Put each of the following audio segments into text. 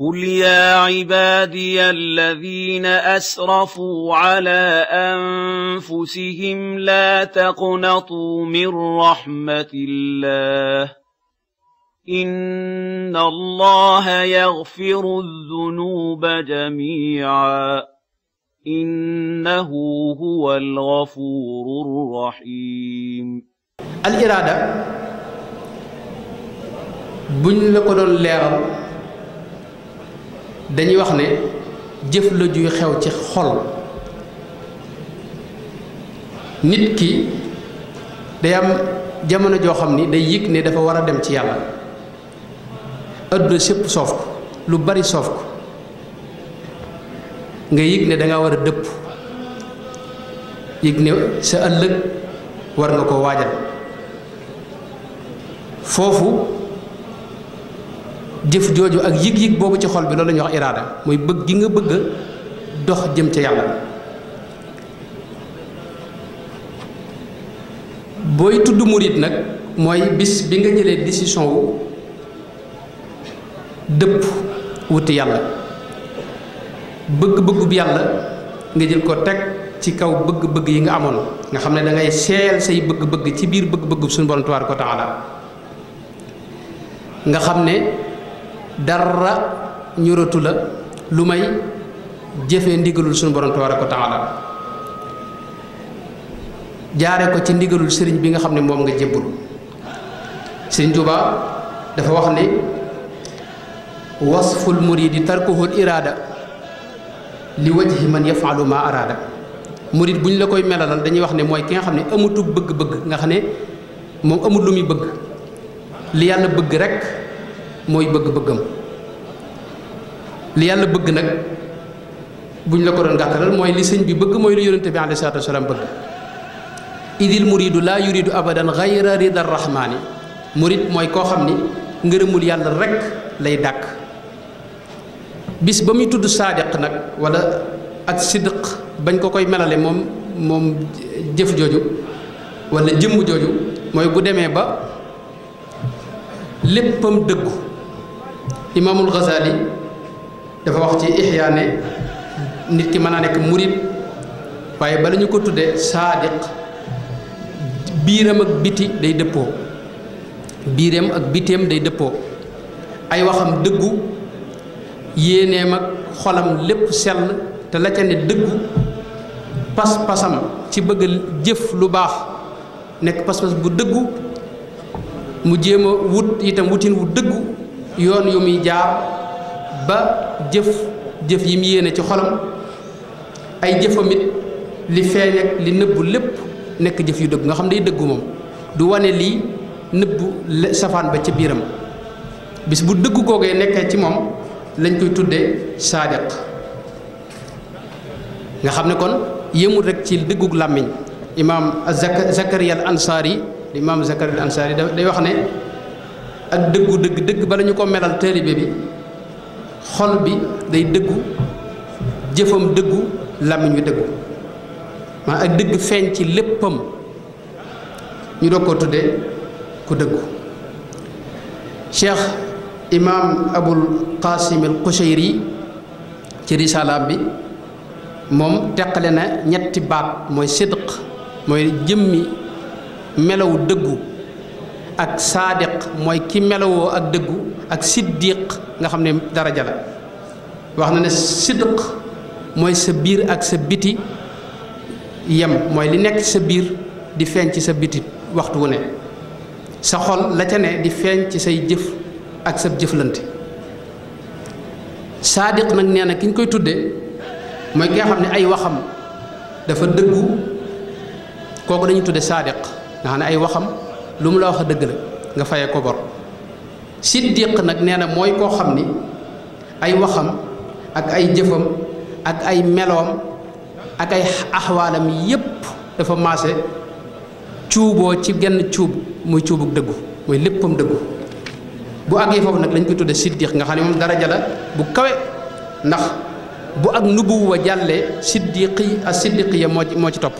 قل يا عبادي الذين أسرفوا على أنفسهم لا تقنطوا من رحمة الله إن الله يغفر الذنوب جميعا إنه هو الغفور الرحيم الإرادة بن لقد اللغم dañuy wax ne jëf la juy xew ci xol nit ki day am jamono joo xam ne day yëg ne dafa war a dem ci yàlla adduna sépp soof ko lu bari soof ko nga yëg ne danga war a dëpp yëg ne sa ëllëg war nga ko waajal foofu jëf jooju ak yëg-yëg boobu ci xol bi loolu la ñuy wax iraada mooy bëgg gi nga bëgg dox jëm ca yàlla booy tudd murit nag mooy bis bi nga jëlee décision wu dëpp wuti yàlla bëgg bëggub bi yàlla nga jël ko teg ci kaw bëgg-bëgg yi nga amoon nga xam ne dangay ngay seel say bëgg-bëgg ci biir bëgg-bëggu suñu borom ko wa taala nga xam ne dara ñuratu la lu may jëfee ndigalul suñu borom tabaaraka wa la jaare ko ci ndigalul sëriñ bi nga xam ne moom nga jébbul sëriñ juba dafa wax ni wasful muridi tarkuhul iraada li wajhi man yafalu ma araada murid bu ñu la koy melalal dañuy wax ne mooy ki nga xam ne amutu bëgg-bëgg nga xam ne moom amut lu muy bëgg li yàlla bëgg rek mooy bëgg-bëggam li yàlla bëgg nag buñ la ko doon gàttalal mooy li sëñ bi bëgg mooy li yonente bi alayhi salaatu wasalaam bëgg idil muridu laa yuridu abadan gayra rida rahmaani murid mooy koo xam ni ngërëmul yàlla rekk lay dàkk bis ba muy tudd saadiq nag walla ak sidq bañ ko koy melale moom moom jëf jooju walla jëmm jooju mooy bu demee ba léppam dëggu imaamul Ghazali dafa wax ci Ihya ne nit ki mën naa nekk murit waaye bala ñu ko tuddee saadiq biiram ak biti day dëppoo biiram ak biteem day dëppoo ay waxam dëggu yéeneem ak xolam lépp sell te la ca ne dëggu pas-pasam ci bëgg jëf lu baax nekk pas-pas bu dëggu mu jéem a wut itam wutin wu dëggu yoon yu muy jaar ba jëf jëf yi mu yéene ci xolam ay jëfam li feeñ li nëbbu lépp nekk jëf yu dëgg nga xam day dëggu moom du wane lii nëbbu safaan ba ca biiram bis bu dëgg googee nekkee ci moom lañ koy tuddee saadiq nga xam ne kon yëmul rek ci dëggu làmmiñ imaam Zakariya al Ansaari imaam Zakariya al Ansaari day wax ne ak dëggu dëgg dëgg bala ñu ko melal taalibe bi xol bi day dëggu jëfam dëggu làmmiñ wi dëggu maa ak dëgg feeñ ci léppam ñu doog ko tuddee ku dëggu cheikh imam abul qasim al qushayri ci risalaam bi moom teqale na ñetti baat mooy sidq mooy jëmmi melaw dëggu ak sadiq moy ki melowoo ak deug ak siddiq nga xamne dara daraja la wax na ne siddiq moy sa bir ak sa biti yam moy li nek sa bir di feñ ci sa biti waxtu wone sa xol la ca ne di feñ ci say jëf ak sa jëflante sadiq nak neena kiñ koy tudde moy ki nga ay waxam dafa deug koku dañu tudde sadiq nga xamne ay waxam lu mu la wax dëgg la nga faye ko bor siddiq nag nee na mooy koo xam ni ay waxam ak ay jëfam ak ay meloom ak ay axwaalam yépp dafa maase cuuboo ci genn cuub muy cuubug dëggu muy léppam dëggu bu àggee foofu nag lañ koy tudde siddiq nga xam ne moom daraja la bu kawe ndax bu ak nubuwa jàllee siddiqi ak siddiqiya moo ci moo ci topp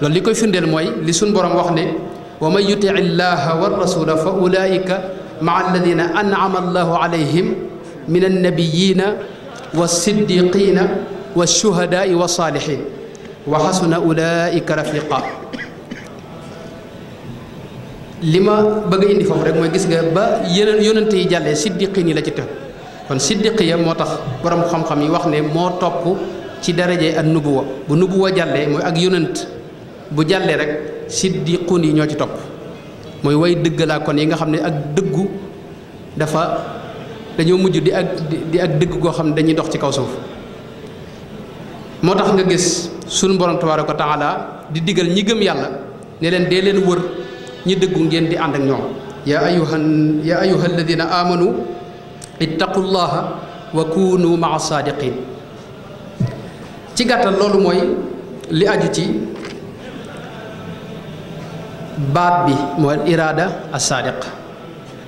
loolu li koy firndeel mooy li suñ borom wax ne ومن يطع الله والرسول فأولئك مع الذين أنعم الله عليهم من النبيين والصديقين والشهداء والصالحين وحسن أولئك رفيقا li ma bëgg a indi foofu rek mooy gis nga ba yeneen yonent yi jàllee siddiqin yi la ci teg kon siddiqi ya moo tax borom xam-xam yi wax ne moo topp ci daraje ak nubuwa bu nubuwa jàllee mooy ak yonent bu jàllee rek siddiquun yi ñoo ci topp mooy woy dëgg laa kon yi nga xam ne ak dëggu dafa dañoo mujj di ak di ak dëgg goo xam ne dañuy dox ci kaw suuf moo tax nga gis sunu borom tabaaraka wa taala di digal ñi gëm yàlla ne leen dee leen wër ñi dëggu ngeen di ànd ak ñoom ya ayuhan ya ayuha alladina amanu ittaqullaha wa kunu maa ci gàttal loolu mooy li aju ci baat bi mooy iraada as-saadiq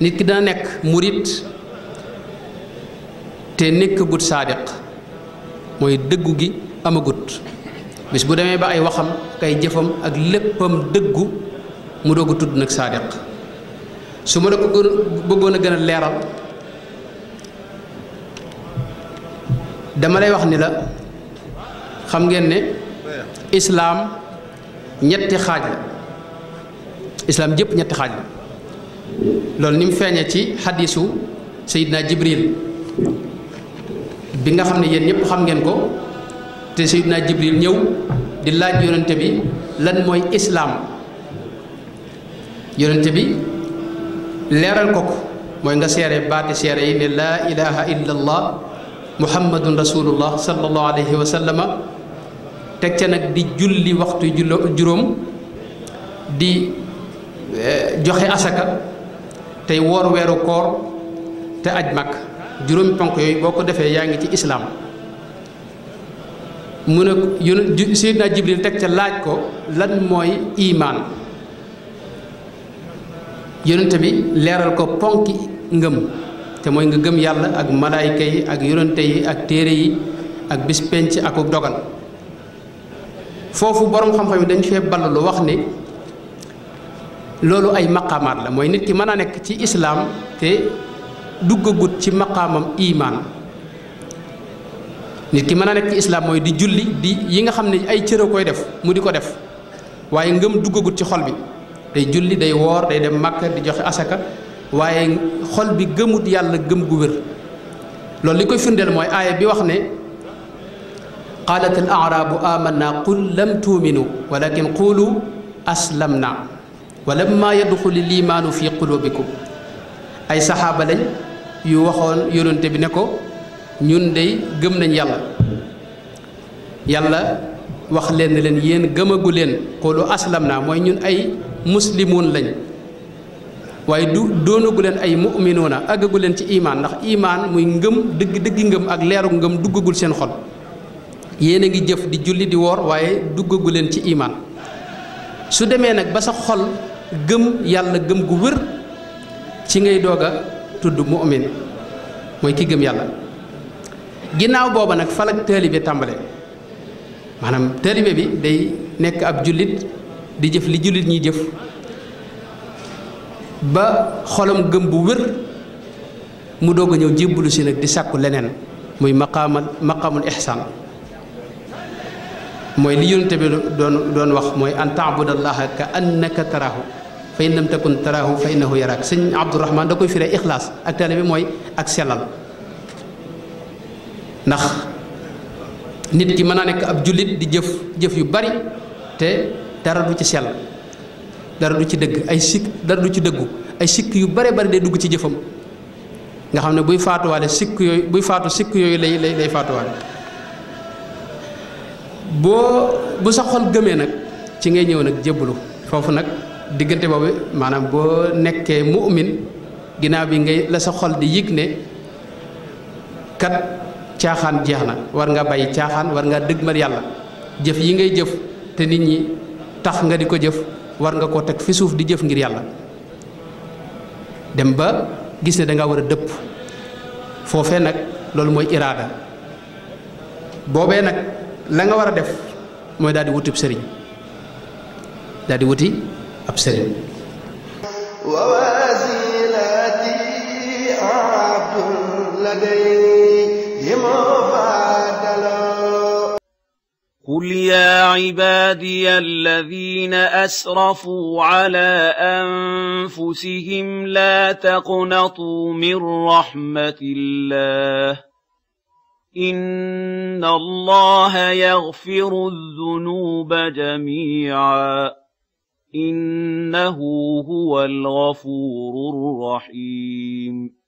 nit ki dana nekk murit te nekk gut saadiq mooy dëggu gi amagut bis bu demee ba ay waxam kay jëfam ak léppam dëggu mu doog a tudd nag saadiq su ma la ko bëggoon a gën a leeral dama lay wax ni la xam ngeen ne islaam ñetti xaaj la islam jëpp ñetti xaaj loolu ni mu feeñee ci xadisu sayidna jibril bi nga xam ne yéen ñëpp xam ngeen ko te sayidna jibril ñëw di laaj yonente bi lan moy Islam yonente bi leeral ko ko mooy nga seere baati seere yi ne laa ilaha illallah allah muhammadun rasulullah sallallahu alayhi wa sallama teg ca nag di julli waxtu juróom di Eh, joxe asaka tey woor weeru koor te aj mag juróomi ponk yooyu boo ko defee yaa ngi ci islaam mu ne yónn Seydina Jibril teg ca laaj ko lan mooy imaan yonente bi leeral ko ponki ngëm te mooy nga gëm yàlla ak malaayka yi ak yonente yi ak téere yi ak bis penc ak dogal foofu boroom xam-xam yi dañ fee ballalu wax ni loolu ay maqaamaat la mooy nit ki mën a nekk ci islaam te duggagut ci maqaamam iimaan nit ki mën a nekk ci islaam mooy di julli di yi nga xam ne ay cëra koy def mu di ko def waaye ngëm duggagut ci xol bi day julli day woor day dem makk di joxe asaka waaye xol bi gëmut yàlla gëm gu wér loolu li koy firndeel mooy aaya bi wax ne qaalat al aaraabu amanna qul lam tuuminu walakin qulu aslamna walamma yadxuli liimaanu fi qulubikum ay saxaaba lañ yu waxoon yonente bi ne ko ñun dey gëm nañ yàlla yàlla wax leen leen yéen gëmagu leen xoolu aslam naa mooy ñun ay muslimoon lañ waaye du doonagu leen ay mu'minoona àggagu leen ci imaan ndax imaan muy ngëm dëgg dëgg ngëm ak leeru ngëm duggagul seen xol yéen a ngi jëf di julli di woor waaye duggagu leen ci imaan su demee nag ba sa xol gëm yàlla gëm gu wër ci ngay doog a tudd mu'min mooy ki gëm yàlla ginnaaw booba nag fa la taalibe tàmbale maanaam taalibe bi day nekk ab jullit di jëf li jullit ñi jëf ba xolam gëm bu wër mu doog a ñëw jébbalu si nag di sàkku leneen muy maqaamal maqaamul ihsaan mooy li yonent bi doon wax mooy an taabudallaha ka annaka fa in lam takun taraahu fa innahu yaraak sëñ Abdourahman da koy firee ixlaas ak taalibe bi mooy ak sellal ndax nit ki mën naa nekk ab jullit di jëf jëf yu bari te dara du ci sell dara du ci dëgg ay sikk dara du ci dëggu ay sikk yu bare bari day dugg ci jëfam nga xam ne buy faatuwaale sikk yooyu buy faatu sikk yooyu lay lay lay faatuwaale boo bu sa xol gëmee nag ci ngay ñëw nag jébbalu foofu nag diggante boobu maanaam boo nekkee mu'min ginnaaw bi ngay la sa xol di yëg ne kat caaxaan jeex na war nga bàyyi caaxaan war nga dëgmal yàlla jëf yi ngay jëf te nit ñi tax nga di ko jëf war nga koo teg fi suuf di jëf ngir yàlla dem ba gis ne da nga war a dëpp foofee nag loolu mooy iraada boobee la nga war def di wutib sëriñ di wuti أبصروا قل يا عبادي الذين أسرفوا على أنفسهم لا تقنطوا من رحمة الله إن الله يغفر الذنوب جميعا إنه هو الغفور الرحيم